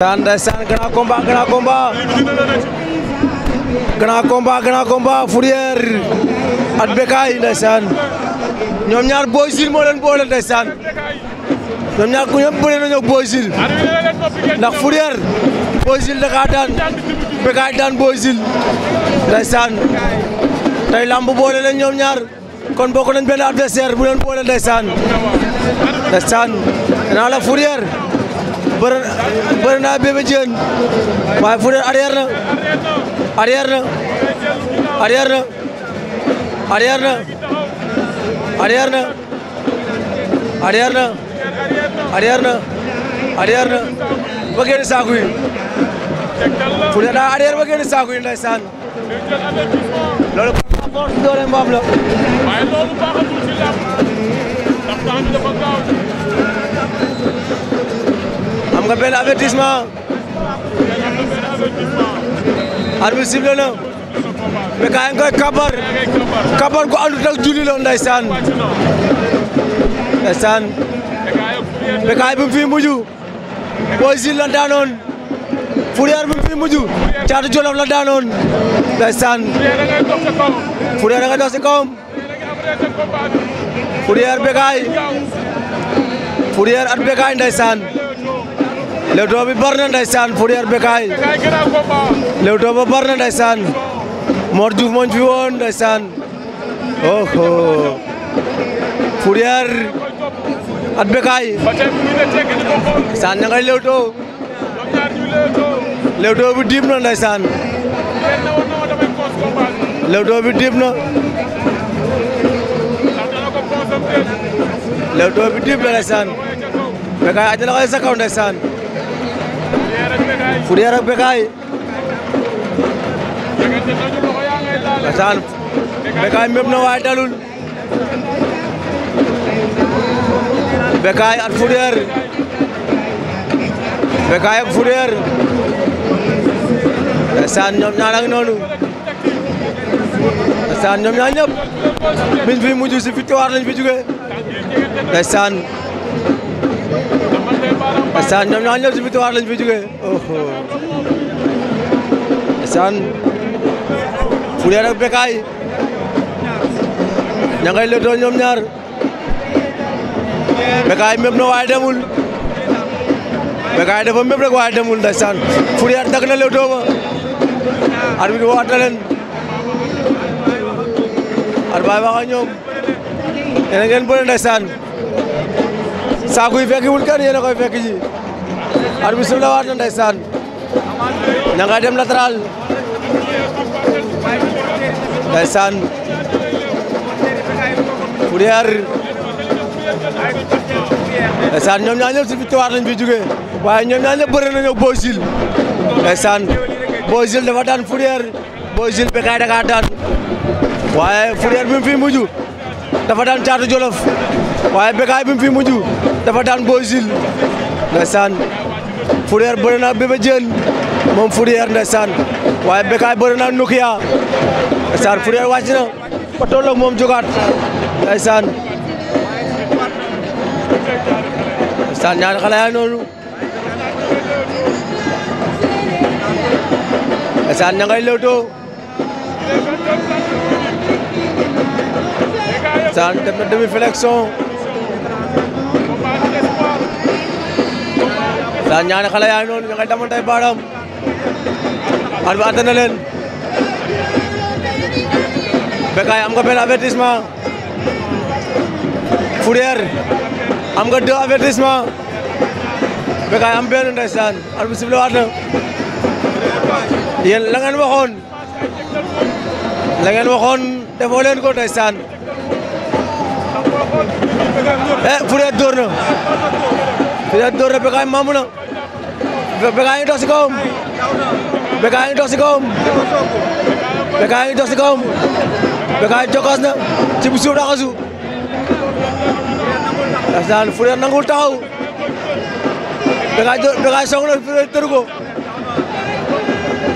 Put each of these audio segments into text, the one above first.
daan ndeysaan grand combat grand combat grand combat grand ñoom ñaar Boy Jules moo leen boole ndeysaan ñoom ñaar ku ñëpp bëri nañu Boy Jules ndax Fourrière Boy Jules da kaa daan Bécaye daan Boy Jules ndeysaan tey lamb boole leen ñoom ñaar kon bokk nañ benn adversaire bu leen boole ndeysaan ndeysaan danaa la Fourrière bëri naa Bébé Diène waaye Fodé arrière na arrière na arrière na arrière na arrière na arrière na arrière na arrière saako yi Fodé daa arrière ba génn saako yi ndeysaan loolu nga benn avertissement arbitre sifflé na mais kabar kabar gu àndut ak julli la ndeysaan ndeysaan mais kaay bi fi mujj Boy Jules daanoon Fourrière bi fi mujj Caatu Jolof la daanoon ndeysaan Fourrière da nga dox si kawam Fourrière Bécaye Fourrière at Bécaye ndeysaan Leewtoo bi bar na ndeysaan Fourrière Bécaye Leewtoo ba bar na ndeysaan Mor Diouf mooñ fi woon ndeysaan oh Fourrière at Bécaye saan ña ngay Leewtoo Leewtoo bi diib na ndeysaan Leewtoo bi diib na Leewtoo bi diib na Fourrière ak Bécaye Assane Bécaye mépp na waaye dalul Bécaye ak Fourrière Bécaye ak Fourrière Assane ñoom ñaar ak noonu Assane ñoom ñaar ñëpp biñ fi mujj si victoire lañ fi jóge Assane Sane ñoom ñoo ñëpp si victoire lañ fi jógee Sane Fourrière ak Bécaye ña ngay lëtoo ñoom ñaar Bécaye mépp na waaye demul Bécaye dafa mépp rek waaye demul ndax Sane Fourrière dag na lëtoo ba arbitre bi waat na leen arbitre bi wax ak ñoom yéen a ngeen bëre ndax saaku yi fekkiwul kenn yéen a koy fekk ji ar bi sif la waat na ndeysaan ña ngay dem latéral ndeysaan Fourrière ndeysaan ñoom ñaar ñëpp si victoire lañ fi jógee waaye ñoom ñaar ñëpp bëri nañoo Boy Jules ndeysaan Boy Jules dafa daan Fourrière Boy Jules Bécaye da daan waaye Fourrière bi fi mujj dafa daan Caatu Jolof waaye Bécaye bi mu dafa daan Boy Jules ndeysaan Fourrière bëri na Bébé Diène moom Fourrière ndeysaan waaye Bécaye bëri na Nokia ndeysaan Fourrière wàcc na ba tolloog moom jógaat ndeysaan ndeysaan ñaari xale yaa noonu ndeysaan ña ngay lewtoo ndeysaan def na demi flexion daan ñaari xale yaa ngi noonu ñu ngay damantay baaraam bi àtte na leen am nga benn avertissement Fourrière am nga deux avertissement Bécaye am benn ndeysaan at bi sifflé waat na yéen la ngeen waxoon la ngeen waxoon defoo leen ko ndeysaan eh, door na Siteu door na Bécaye maamu na Bécaye ngi dox si kawam Bécaye ngi dox si kawam Bécaye ngi na ci bu suuf raxasu daan Fourrière nangul taxaw Bécaye Bécaye song na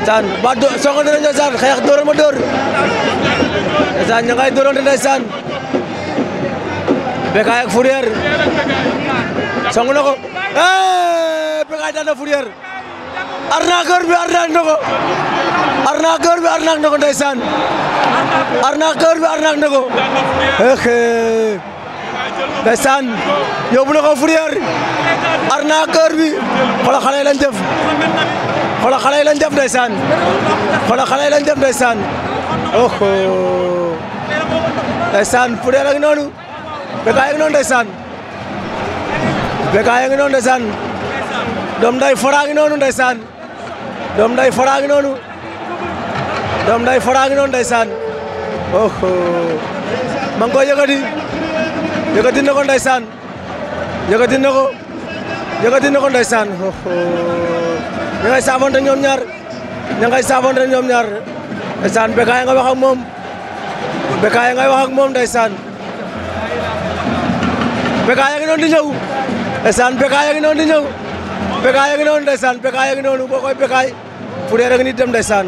saan ba song na ñoo saan xeex dóoral ma dóor saan ña ngay dóorante ndeysaan Bécaye ak Fourrière song na ko Bécaye eh, daan na Fourrière arnaqueur bi arnaque na ko arnaqueur bi arnaque na ko ndeysaan arnaqueur bi arnaque na ko eh, eh. ndeysaan yóbbu na ko Fourrière arnaqueur bi xoolal xale yi lañ def xoolal xale yi lañ def ndeysaan xoolal xale yi lañ def ndeysaan oh ndeysaan Fourrière ak noonu Bécaye ak noonu ndeysaan Bécaye a ngi noonu ndeysaan doom nday Fara a ngi noonu ndeysaan doom nday Fara a ngi noonu doom nday Fara a ngi noonu ndeysaan oh ma ngi koy yëkkati yëkkati na ko ndeysaan yëkkati na ko yëkkati na ko ndeysaan oh ña ngay saafante ñoom ñaar ña ngay saafante ñoom ñaar ndeysaan Bécaye nga wax ak moom Bécaye nga wax ak moom ndeysaan Bécaye a ngi noonu di ñëw ndeysaan Bécaye a ngi noonu di ñëw Bécaye a ngi noonu ndeysaan Bécaye a ngi noonu boo koy Bécaye Fourrière a ngi nii dem ndeysaan